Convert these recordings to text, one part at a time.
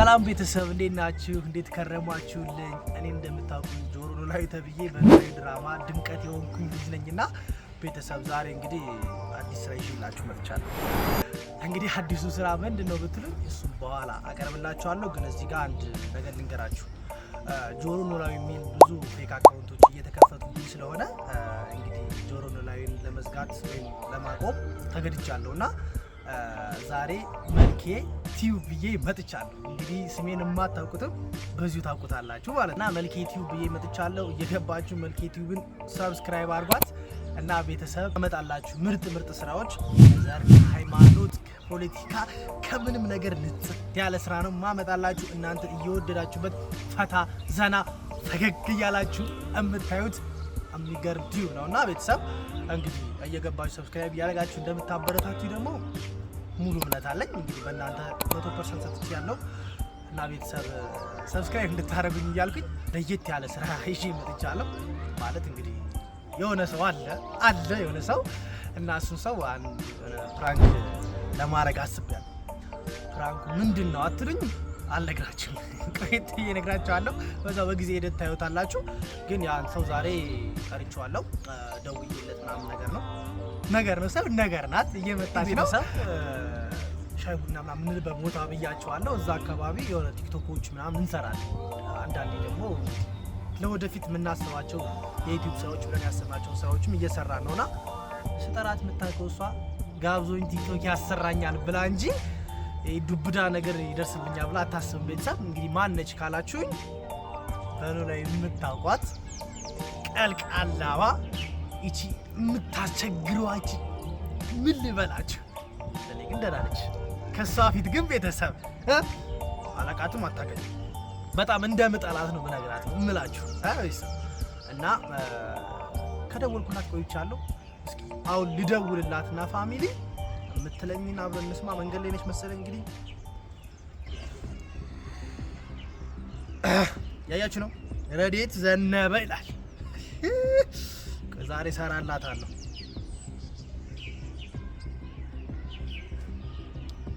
ሰላም ቤተሰብ እንዴት ናችሁ? እንዴት ከረማችሁልኝ? እኔ እንደምታውቁኝ ጆሮ ኖላዊ ተብዬ በኖላዊ ድራማ ድምቀት የሆንኩኝ ልጅ ና ቤተሰብ ዛሬ እንግዲህ አዲስ ስራ ይዤላችሁ መጥቻለሁ። እንግዲህ አዲሱ ስራ ምንድን ነው ብትሉኝ እሱም በኋላ አቀርብላችኋለሁ። ግን እዚህ ጋር አንድ ነገር ልንገራችሁ። ጆሮ ኖላዊ የሚል ብዙ ፌክ አካውንቶች እየተከፈቱብኝ ስለሆነ እንግዲህ ጆሮ ኖላዊን ለመዝጋት ወይም ለማቆም ተገድጃለሁ እና ዛሬ መልኬ ቲዩብ ብዬ መጥቻለሁ። እንግዲህ ስሜን የማታውቁትም በዚሁ ታውቁታላችሁ ማለት እና መልኬ ቲዩብ ብዬ መጥቻለሁ። እየገባችሁ መልኬ ቲዩብን ሰብስክራይብ አድርጓት እና ቤተሰብ አመጣላችሁ ምርጥ ምርጥ ስራዎች ዘር፣ ሃይማኖት፣ ፖለቲካ ከምንም ነገር ንጽት ያለ ስራ ነው ማመጣላችሁ። እናንተ እየወደዳችሁበት ፈታ ዘና ፈገግ እያላችሁ የምታዩት የሚገርም ቲዩብ ነው እና ቤተሰብ እንግዲህ እየገባችሁ ሰብስክራይብ እያደረጋችሁ እንደምታበረታችሁ ደግሞ ሙሉ እምነት አለኝ። እንግዲህ በእናንተ መቶ ፐርሰንት ሰጥቼ ያለው እና ቤተሰብ ሰብስክራይብ እንድታደረጉኝ እያልኩኝ ለየት ያለ ስራ ይዤ መጥቻለሁ። ማለት እንግዲህ የሆነ ሰው አለ አለ የሆነ ሰው እና እሱን ሰው ፕራንክ ለማድረግ አስቤያለሁ። ፕራንኩ ምንድን ነው አትሉኝ? አልነግራችሁም። ቆየት እየነግራችኋለሁ። በዛ በጊዜ ሂደት ታዩታላችሁ። ግን ያን ሰው ዛሬ ቀርቼዋለሁ። ደውዬለት ምናምን ነገር ነው ነገር ነው ነገር ናት እየመጣች ነው ሻይ ቡና ምናምን ብያቸዋለሁ። እዛ አካባቢ የሆነ ቲክቶኮች ምናምን እንሰራለን። አንዳንዴ ደግሞ ለወደፊት የምናስባቸው የዩቲዩብ ስራዎች ብለን ስራዎችም እየሰራ ነውና ስጠራት የምታውቀው እሷ ጋብዞኝ ቲክቶክ ያሰራኛል ብላ እንጂ ዱብዳ ነገር ይደርስብኛል ብላ አታስብም። ቤተሰብ እንግዲህ ማን ነች ካላችሁኝ በሎ ላይ የምታውቋት ቀልቃላዋ ይቺ የምታስቸግረዋ ይቺ ምን ልበላችሁ፣ ለኔ ግን ደህና ነች። ከእሷ ፊት ግን ቤተሰብ አላቃትም፣ አታገኝ በጣም እንደምጠላት ነው ምነግራት እምላችሁ እና ከደወልኩላት ቆይቻለሁ። እስኪ አሁን ልደውልላትና ፋሚሊ የምትለኝን አብረን እንስማ። መንገድ ላይ ነች መሰለ እንግዲህ ያያች ነው። ረዴት ዘነበ ይላል። ዛሬ ሰራላታለሁ።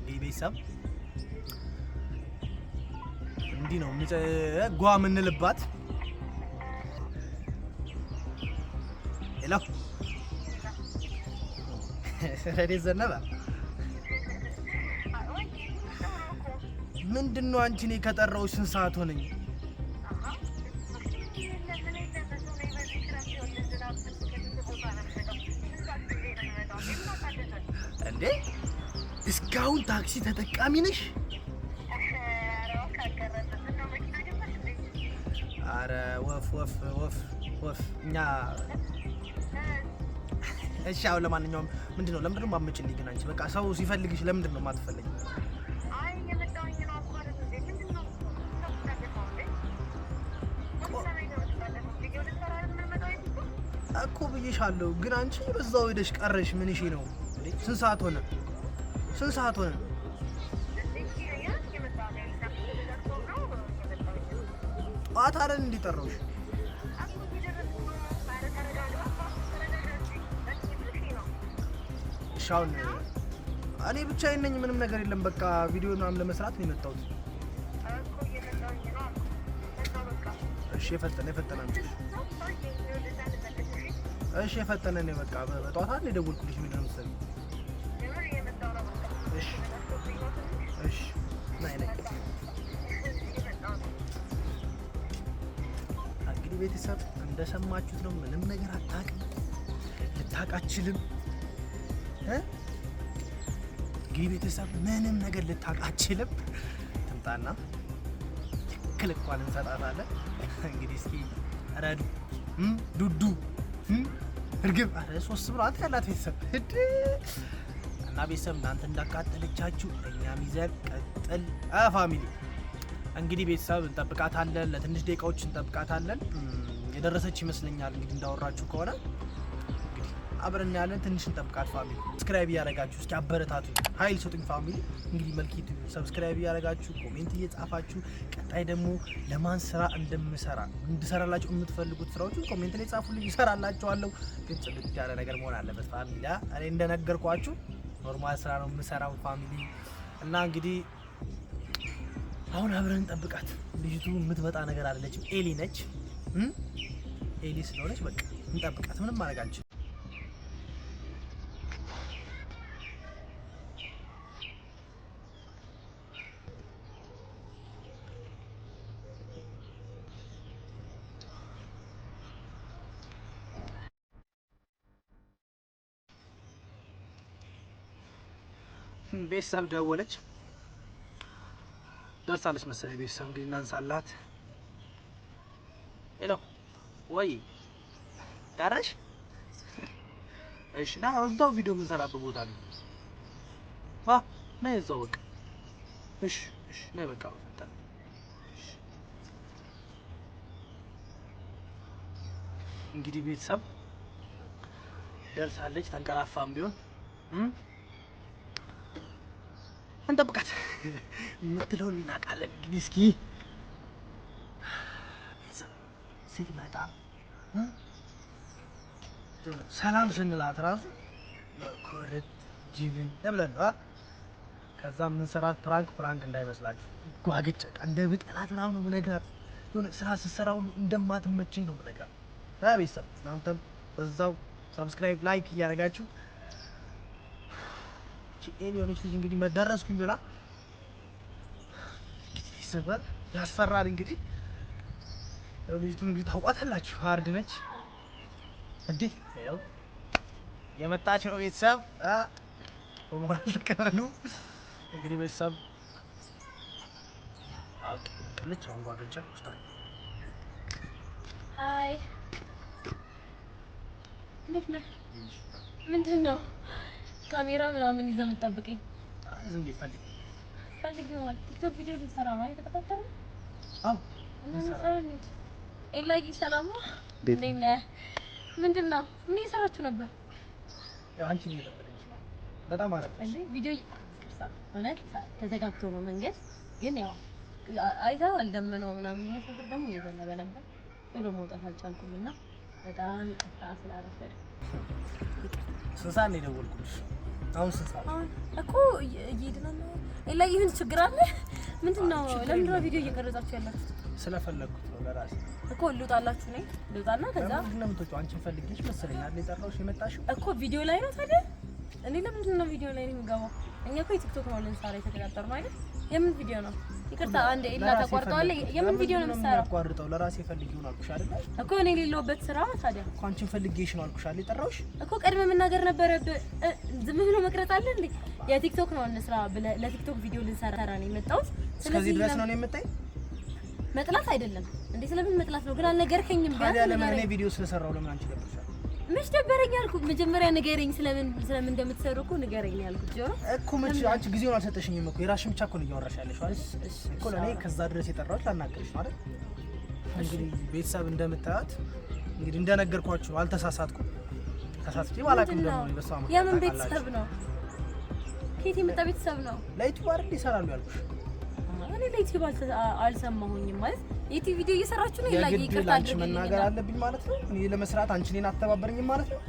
ይህ ቤተሰብ እንዲህ ነው ጓ ምንልባት ሄሎ ረዴት ዘነበ ምንድን ነው አንቺ? እኔ ከጠራው ስንት ሰዓት ሆነኝ? እንዴ እስካሁን ታክሲ ተጠቃሚ ነሽ? አረ ወፍ ወፍ ወፍ ወፍ እኛ እሺ። አሁን ለማንኛውም ምንድን ነው ለምንድን ነው የማትመጭልኝ ግን አንቺ? በቃ ሰው ሲፈልግሽ ለምንድን ነው የማትፈልጊ? እልሻለሁ፣ ግን አንቺ በዛው ሄደሽ ቀረሽ። ምን እሺ ነው? ስንት ሰዓት ሆነ? ስንት ሰዓት ሆነ? ጠዋት አለን እንዲጠራውሽ ሻውን እኔ ብቻ ነኝ። ምንም ነገር የለም። በቃ ቪዲዮ ምናምን ለመስራት ነው የመጣሁት። እሺ የፈጠነ የፈጠነ እሺ የፈጠነ ነው በቃ በጠዋት አንድ የደወልኩልሽ ምን ለምሳሌ እሺ እሺ ናይ ናይ እንግዲህ ቤተሰብ እንደሰማችሁት ነው። ምንም ነገር አታውቅም፣ ልታውቃችልም እ ቤተሰብ ምንም ነገር ልታውቃችልም። ትምጣና ትክክል እንኳን እንሰጣታለን። እንግዲህ እስኪ ረዱ ዱዱ እርግብ ሶስት ብር ያላት ቤተሰብ እና ቤተሰብ እናንተ እንዳቃጠለቻችሁ እኛም ይዘን ቀጥል ፋሚሊ እንግዲህ ቤተሰብ እንጠብቃታለን። ለትንሽ ደቂቃዎች እንጠብቃታለን። የደረሰች ይመስለኛል እንግዲህ እንዳወራችሁ ከሆነ አብረን እናያለን። ትንሽ እንጠብቃት ፋሚሊ። ሰብስክራይብ እያደረጋችሁ እስኪ አበረታቱ፣ ሀይል ሰጡኝ ፋሚሊ። እንግዲህ መልክቱ ሰብስክራይብ እያደረጋችሁ ኮሜንት እየጻፋችሁ ቀጣይ ደግሞ ለማን ስራ እንደምሰራ እንድሰራላችሁ የምትፈልጉት ስራዎችን ኮሜንት ላይ ጻፉልኝ፣ ይሰራላችኋለሁ። ግን ጽድት ያለ ነገር መሆን አለበት ፋሚሊ። እኔ እንደነገርኳችሁ ኖርማል ስራ ነው የምሰራው ፋሚሊ እና እንግዲህ አሁን አብረን እንጠብቃት። ልጅቱ የምትመጣ ነገር አይደለችም። ኤሊ ነች ኤሊ ስለሆነች በቃ እንጠብቃት። ምንም ማድረግ አንችልም። ቤተሰብ ደወለች። ደርሳለች መሰለኝ። ቤተሰብ እንግዲህ እናንሳላት። ሄሎ ወይ ዳረሽ? እሺ ና፣ እዛው ቪዲዮ የምንሰራበት ቦታ ነው። ዋ ና፣ እዛው በቃ። እሺ እሺ፣ ና በቃ እንግዲህ ቤተሰብ ደርሳለች። ተንቀላፋም ቢሆን እንጠብቃት የምትለውን እናውቃለን። እንግዲህ እስኪ ሲመጣ ሰላም ስንላት ራሱ ኮርት ጅብን ለብለን ነው። ከዛ የምንሰራት ፕራንክ ፕራንክ እንዳይመስላችሁ ጓግጭ እንደ ብጠላት ምናምን ነው የምነግራት። የሆነ ስራ ስትሰራው እንደማትመችኝ ነው የምነግራት። ቤተሰብ እናንተም በዛው ሰብስክራይብ ላይክ እያደረጋችሁ እኔ የሆነች ልጅ እንግዲህ መደረስኩኝ ብላ ስባል ያስፈራል። እንግዲህ ልጅቱን እንግዲህ ታውቋታላችሁ፣ ሀርድ ነች እንዴ ያው የመጣች ነው። ቤተሰብ አ በሞራል ተቀበሉ። እንግዲህ ቤተሰብ ልጅ አሁን ጓደኛ ውስጥ አይ ምንድን ነው ካሜራ ምናምን ይዘህ የምትጠብቀኝ? ዝም ብዬ ፈልግ ፈልግ ይሆናል። ቲክቶክ ቪዲዮ ልንሰራ ነው የተቀጣጠረ። አዎ ኤላጊ ሰላም እንዴት ነህ? ምንድን ነው ምን እየሰራችሁ ነበር? ያው አንቺ ምን ይለበለኝ በጣም አረፍ እንዴ ቪዲዮ እውነት ተዘጋግቶ ነው መንገድ ግን ያው ምናምን ደግሞ እየዘነበ ነበር መውጣት አልቻልኩም እና በጣም ጥፋ ስላረፈደ ስንት ሰዓት ነው የደወልኩልሽ? አሁን ስንት ሰዓት እኮ እየሄድን ነው። ሌላ ይህን ችግር አለ። ምንድን ነው? ለምንድን ነው ቪዲዮ እየቀረጻችሁ ያላችሁት? ስለፈለግኩት ነው ለራሴ እኮ ልውጣላችሁ ነኝ። ልውጣና ከዛ ምንድን ነው የምትወጪው? አንቺን ፈልጌሽ መሰለኝ አይደል የጠራሁሽ የመጣሽው እኮ ቪዲዮ ላይ ነው። ታዲያ እኔ ለምንድን ነው ቪዲዮ ላይ ነው የምገባው? እኛ እኮ የቲክቶክ ነው ልንሰራ የተቀጣጠርነው አይደል? የምን ቪዲዮ ነው ይቅርታ አንዴ ኢላ ተቋርጠዋል። የምን ቪዲዮ ነው የምትሰራው? አቋርጠው ለራሴ ፈልጌው ነው አልኩሽ አይደል እኮ እኔ የሌለሁበት ስራ ታዲያ እኮ አንቺን ፈልጌሽ ነው አልኩሽ አይደል የጠራሁሽ እኮ። ቀድመህ መናገር ነበረብህ። ዝም ብሎ መቅረት አለ እንዴ? የቲክቶክ ነው እንስራ ብለህ ለቲክቶክ ቪዲዮ ልንሰራ ነው የመጣሁት። እስከዚህ ድረስ ነው የምታይ መጥላት አይደለም እንዴ? ስለምን መጥላት ነው ግን አልነገርከኝም። ቢያንስ ታዲያ ለምን እኔ ቪዲዮ ስለሰራሁ ለምን አንቺ ለብቻ መች ደበረኝ አልኩህ። መጀመሪያ ንገረኝ፣ ስለምን ስለምን እንደምትሰሩ እኮ ንገረኝ ያልኩህ ጆሮ እኮ። መች አንቺ ጊዜውን አልሰጠሽኝም እኮ። የራስሽን ብቻ እኮ ነው እያወራሽ ያለሽው እኮ። ለእኔ ከዛ ድረስ የጠራሁት ላናገርሽ ነው እንግዲህ ቤተሰብ እንደምታያት እንግዲህ እንደነገርኳችሁ አልተሳሳትኩም። ተሳስቼም አላውቅም። ደግሞ በሷ የምን ቤተሰብ ነው? ከየት የመጣ ቤተሰብ ነው? ለዩቲዩብ አይደል ይሰራሉ ያልኩሽ እኔ ለዩቲዩብ አልሰማሁኝም። ማለት የዩቲዩብ ቪዲዮ እየሰራችሁ ነው ይላል። ይቅርታ መናገር አለብኝ ማለት ነው። እኔ ለመስራት አንቺ እኔን ማለት ነው።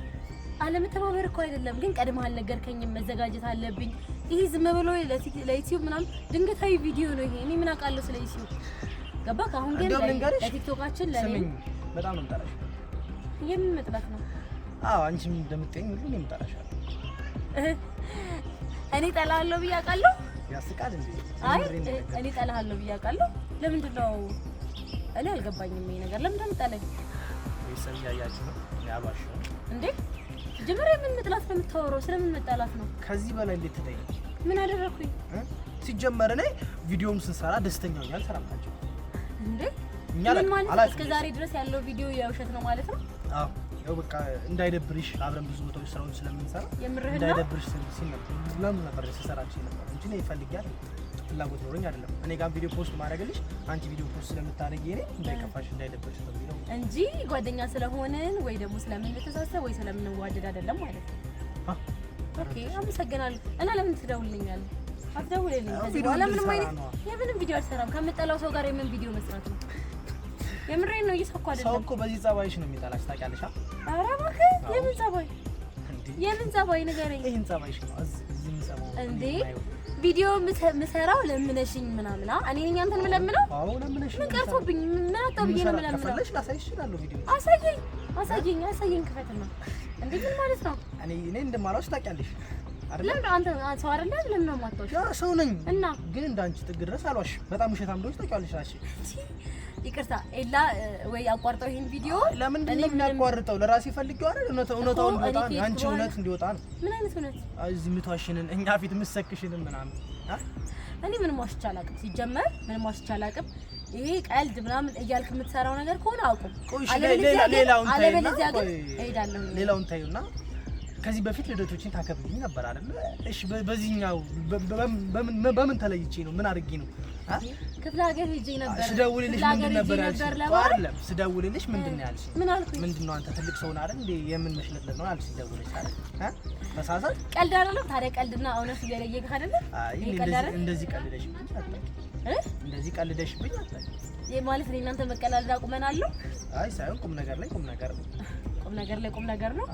አለመተባበር እኮ አይደለም ግን ቀድመህ አልነገርከኝም። መዘጋጀት አለብኝ። ይሄ ዝም ብሎ ለዩቲዩብ ምናምን ድንገታዊ ቪዲዮ ነው ይሄ። እኔ ምን አውቃለሁ ስለ ዩቲዩብ አሁን ግን ለቲክቶካችን ለኔ በጣም ነው የምን ነው? አዎ አንቺም እንደምትጠይኝ ሁሉ እኔም እኔ እጠላለሁ ብዬሽ አውቃለሁ ያስቃል እንዴ? አይ እኔ እጠላሃለሁ ብዬ አውቃለሁ። ለምንድን ነው እኔ አልገባኝም። ይሄ ነገር ለምንድን ነው የምጠላኝ? ይሰም ያያችሁ ነው እንዴ? መጥላት ነው የምታወራው? ስለምን መጣላት ነው? ከዚህ በላይ እንዴት ምን አደረኩኝ? ሲጀመር እኔ ቪዲዮም ስንሰራ ደስተኛ ሆኛል። እንዴ? እኛ እስከ ዛሬ ድረስ ያለው ቪዲዮ የውሸት ነው ማለት ነው? አዎ ያው በቃ እንዳይደብርሽ አብረን ብዙ ቦታዎች ስራውን ስለምንሰራ እንዳይደብርሽ ሲል ነበር ስሰራችን ነበር እንጂ ነው ይፈልጋል ፍላጎት ኖሮኝ አይደለም። እኔ ጋር ቪዲዮ ፖስት ማድረግልሽ አንቺ ቪዲዮ ፖስት ስለምታደርጊ እኔ እንዳይከፋሽ እንዳይደብርሽ ነው የሚለው እንጂ ጓደኛ ስለሆንን ወይ ደግሞ ስለምንተሳሰብ ወይ ስለምንዋደድ አይደለም ማለት ነው። ኦኬ አመሰግናለሁ። እና ለምን ትደውልኛል? አትደውልልኝ። ከዚህ በኋላ ምንም አይነት የምንም ቪዲዮ አልሰራም። ከምጠላው ሰው ጋር የምን ቪዲዮ መስራት ነው? የምሬን ነው። እየሳኩ አይደለም። ሰው እኮ በዚህ ጸባይሽ ነው የሚጠላሽ ታውቂያለሽ። ኧረ እባክህ የምን ጸባይ የምን ጸባይ ንገረኝ። ይሄን ጸባይሽ ነው እዚህ እንዴ? ቪዲዮ ምሰራው ለምነሽኝ ምናምን እኔ ነኝ አንተን ምለምነው? አዎ ለምነሽ። ምን ቀርቶብኝ? ምን አጣው ብዬ ነው ምለምነው? ከፈለሽ ላሳይሽ እችላለሁ። ቪዲዮ አሳየኝ፣ አሳየኝ፣ አሳየኝ። ክፈትና እንዴ ምን ማለት ነው? እኔ እኔ እንደማላውሽ ታውቂያለሽ። ለምን አንተ ሰው አይደለ? ለምን ነው የማታውሽ? ሰው ነኝ እና ግን እንዳንቺ ጥግ ድረስ አልዋሽ። በጣም ውሸታም እንደሆነች ታውቂያለሽ። ይቅርታ ኤላ ወይ አቋርጠው ይሄን ቪዲዮ። ለምንድን ነው የሚያቋርጠው? ለራሴ ፈልጌው አይደል? እውነታውን እንዲወጣ ነው። አንቺ እውነት እንዲወጣ ነው። ምን አይነት እውነት? እዚህ ምቷሽንን እኛ ፊት ምሰክሽንን ምናምን። እኔ ምንም ዋሽቼ አላውቅም። ሲጀመር ምንም ዋሽቼ አላውቅም። ይሄ ቀልድ ምናምን እያልክ የምትሰራው ነገር ከሆነ አቁም። አለበለዚያ ግን እሄዳለሁ። ሌላውን ታዩና ከዚህ በፊት ልደቶችን ታከብልኝ ነበር አይደል? እሺ፣ በዚህኛው በምን ተለይቼ ነው? ምን አድርጌ ነው? ክፍለ ሀገር ሄጄ ነበር። ስደውልልሽ ምንድን ነበር ያልሽኝ? ስደውልልሽ ምንድን ነው ያልሽኝ? ምን አልኩኝ? ምንድን ነው አንተ ትልቅ ሰው ነህ አይደል እንዴ? የምን መሽለጥለጥ ነው አልሽ? ስደውልልሽ አይደል? መሳሳት ቀልድ አይደለም ታዲያ። ቀልድና እውነት እየለየህ አይደለ? አይ እንደዚህ ቀልደሽ ቀልደሽብኝ አታውቂም። እንደዚህ ቀልደሽብኝ አታውቂም። ይሄ ማለት እኔ እናንተ መቀላለድ አቁመናለሁ? አይ ሳይሆን ቁም ነገር ላይ ቁም ነገር ነው ቁም ነገር ላይ ቁም ነገር ነው፣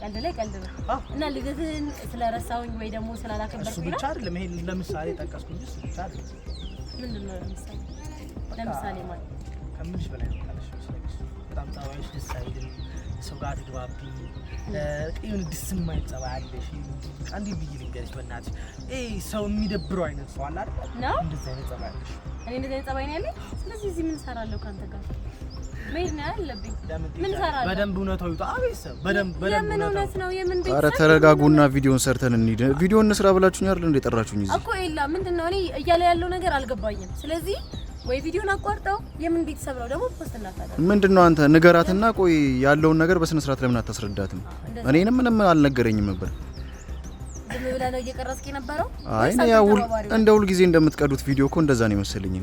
ቀልድ ላይ ቀልድ ነው። እና ልደትህን ስለረሳሁኝ ወይ ደግሞ ስላላከበርኩኝ እሱ ብቻ አይደለም። ይሄን ለምሳሌ ጠቀስኩ እሱ ብቻ አይደለም። ምንድን ነው ለምሳሌ? ለምሳሌ ማለት ከምንሽ በላይ ነው። ካለሽ በጣም ጸባይሽ ደስ አይልም። ሰው ጋር አትግባቢ። የሆነ ደስ የማይል ጸባይ አለሽ። እንዴት ብዬሽ ልንገርሽ? በእናትሽ ሰው የሚደብረው አይነት ሰው አለ አይደል? እንደዚህ አይነት ጸባይ አለሽ። እኔ እንደዚህ አይነት ጸባይ ነው ያለኝ። ስለዚህ እዚህ ምን እሰራለሁ ከአንተ ጋር ምን በደንብ እውነታው ይውጣ። አቤተሰብ በደንብ በደንብ የምን እውነት ነው የምን ቤተሰብ? ኧረ ተረጋጉና ቪዲዮን ሰርተን እንሂድ። ቪዲዮን እንስራ ብላችሁኝ አይደል እንዴ ጠራችሁኝ እዚህ እኮ ኤላ፣ ምንድን ነው እኔ እያለ ያለው ነገር አልገባኝም። ስለዚህ ወይ ቪዲዮን አቋርጠው የምን ቤተሰብ ነው ደግሞ ፖስት እናታለን። ምንድነው አንተ ንገራትና፣ ቆይ ያለውን ነገር በስነ ስርዓት ለምን አታስረዳትም? እኔንም ምንም አልነገረኝም ነበር። ዝም ብለህ ነው እየቀረስክ የነበረው? አይ ነው ያው እንደ ሁልጊዜ እንደምትቀዱት ቪዲዮ እኮ እንደዛ ነው የመሰለኝ።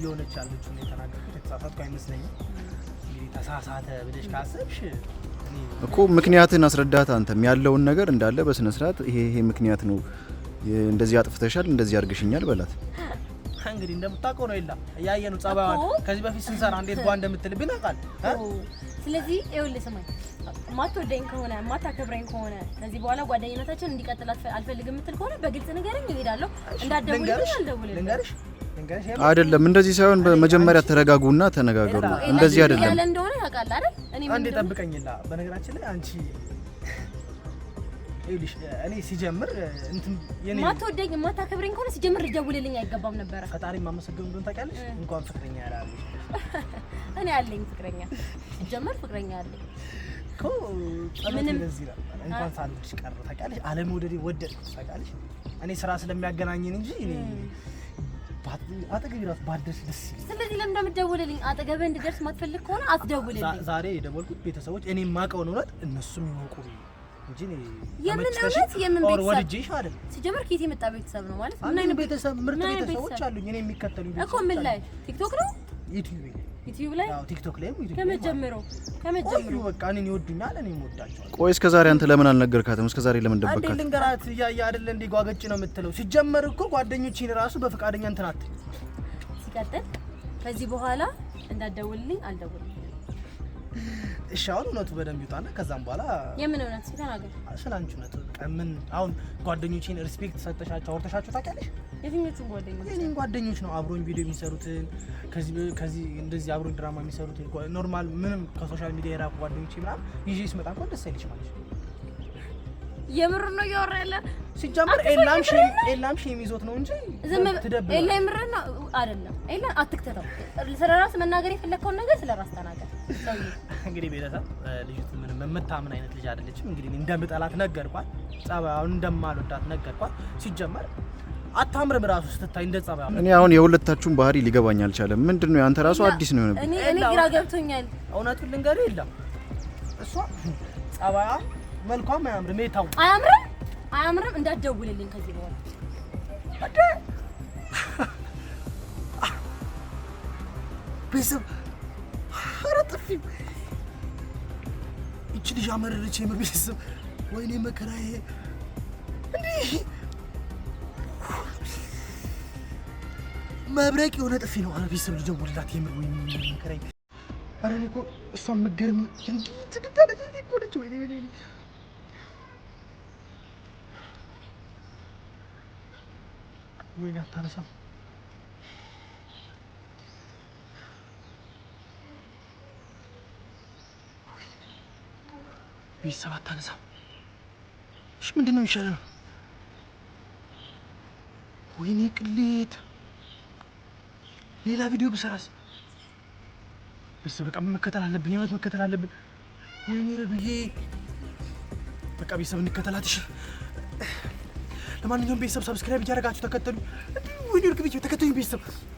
እየሆነች ያለችው ነው የተናገርኩት። የተሳሳትኩ አይመስለኝም። እንግዲህ ተሳሳተ ብለሽ ካሰብሽ እኮ ምክንያትን አስረዳት። አንተም ያለውን ነገር እንዳለ በስነ ስርዓት ይሄ ይሄ ምክንያት ነው እንደዚህ አጥፍተሻል፣ እንደዚህ አድርግሽኛል በላት። እንግዲህ እንደምታውቀው ነው ይላ እያየ ነው ጸባይዋን ከዚህ በፊት ስንሰራ እንዴት ጓ እንደምትልብን አውቃል። ስለዚህ ይኸውልህ ስማኝ ማትወደኝ ከሆነ ማታከብረኝ ከሆነ ከዚህ በኋላ ጓደኝነታችን እንዲቀጥል አልፈልግም የምትል ከሆነ በግልጽ ንገረኝ፣ እሄዳለሁ። እንዳትደውልልኝ አልደውልልኝ። አይደለም እንደዚህ ሳይሆን መጀመሪያ ተረጋጉና ተነጋገሩ። እንደዚህ አይደለም ያለ እንደሆነ ያውቃል አይደል? እኔ አንዴ ጠብቀኝላ። በነገራችን ላይ አንቺ ይኸውልሽ እኔ ሲጀምር እንትን የኔ ማትወደኝ ማታከብረኝ ከሆነ ሲጀምር ልደውልልኝ አይገባም ነበረ። ፈጣሪ ማመሰግን እንደሆነ ታውቂያለሽ። እንኳን ፍቅረኛ ያላለሽ እኔ አለኝ ፍቅረኛ፣ ሲጀምር ፍቅረኛ አለኝ እኮ እንኳን ሳንልሽ ታውቂያለሽ። አለመውደዴ ታውቂያለሽ። እኔ ስራ ስለሚያገናኘን እንጂ አጠገቤ እራሱ ደስ ስለዚህ ለምን እንደምትደውልልኝ እንድደርስ ከሆነ አትደውልልኝ። ዛሬ የደወልኩት ቤተሰቦች እኔ የማውቀውን እውነት እነሱም ይወቁ እንጂ የምን እውነት የምን ቤተሰብ ወድጄሽ አይደል። ከየት የመጣ ቤተሰብ ነው ማለት? ምን አይነት ቤተሰብ ምርጥ ቤተሰቦች አሉኝ እኔ የሚከተሉኝ እኮ ምን ላይ ቲክቶክ ነው ዩቲዩብ ዩቲዩብ ላይ ቲክቶክ ላይ በቃ እኔን ይወዱኛል፣ እኔም ቆይ እስከ ዛሬ አንተ ለምን አልነገርካትም? እስከ ዛሬ ለምን ደበቃት? አንዴ ልንገራት እያየ አይደለ እንዴ ጓገጭ ነው የምትለው። ሲጀመር እኮ ጓደኞችን ራሱ በፈቃደኛ እንትን ሲቀጥል ከዚህ በኋላ እንዳትደውልልኝ አልደውልም እሺ አሁን እውነቱ በደንብ ይውጣና ከዛም በኋላ የምን እውነት ተናገር። ስለ አንቺ እውነት በቃ ምን አሁን ጓደኞቼን ሪስፔክት ሰጠሻቸው፣ አውርተሻቸው ታውቂያለሽ? የትኞቹ ጓደኞች? የእኔን ጓደኞች ነው አብሮኝ ቪዲዮ የሚሰሩትን ከዚህ ከዚህ እንደዚህ አብሮኝ ድራማ የሚሰሩትን ኖርማል፣ ምንም ከሶሻል ሚዲያ የራቁ ጓደኞቼ ምናምን ይዤ ስመጣ እኮ ደስ አይልሽ ማለት ነው። የምር ነው እያወራ ያለ ሲጀምር ኤላም ሺ ኤላም ሺ የሚዞት ነው እንጂ ትደብቅ ኤላ የምር ነው አይደለም። ኤላ አትክተተው። ስለራስ መናገር የፈለግከውን ነገር ስለራስ ተናገር። እንግዲህ ቤተሰብ ልጅቱ ምንም የምታምን አይነት ልጅ አይደለችም። እንግዲህ እንደምጠላት ነገርኳት፣ ጸባዩን እንደማልወዳት ነገርኳት። ሲጀመር አታምርም ራሱ ስትታይ እንደ ጸባዩ። እኔ አሁን የሁለታችሁን ባህሪ ሊገባኝ አልቻለም። ምንድን ነው ያንተ ራሱ አዲስ ነው የሆነብኝ። እኔ ግራ ገብቶኛል። እውነቱን ልንገርህ የለም እሷ ጸባያ መልኳም አያምርም። የታው አያምርም አያምርም እንዳትደውልልኝ ከዚህ በኋላ ቤተሰብ ይቺ ልጅ አመረረች። የምር ቤተሰብ፣ ወይኔ መከራዬ! እንዲህ መብረቅ የሆነ ጥፊ ነው። አረ ቤተሰብ ልደውልላት። የምር ወይኔ መከራዬ! አረ እኔ እኮ እሷ መገርም ትግታለች እኮ ወይኔ ወይኔ ወይኔ! አታነሳም ቢት ሰባት አነሳ እሺ፣ ምንድን ነው ይሻለ ወይኔ ቅሌት! ሌላ ቪዲዮ ብሰራስ? በስ በቃ መከተል አለብን፣ የእውነት መከተል አለብን። ወይኔ ረዱዬ! በቃ ቤተሰብ እንከተላት። እሺ፣ ለማንኛውም ቤተሰብ ሰብስክራይብ እያደረጋችሁ ተከተሉ። ወይኔ እርግ ቤተሰብ ተከተሉኝ ቤተሰብ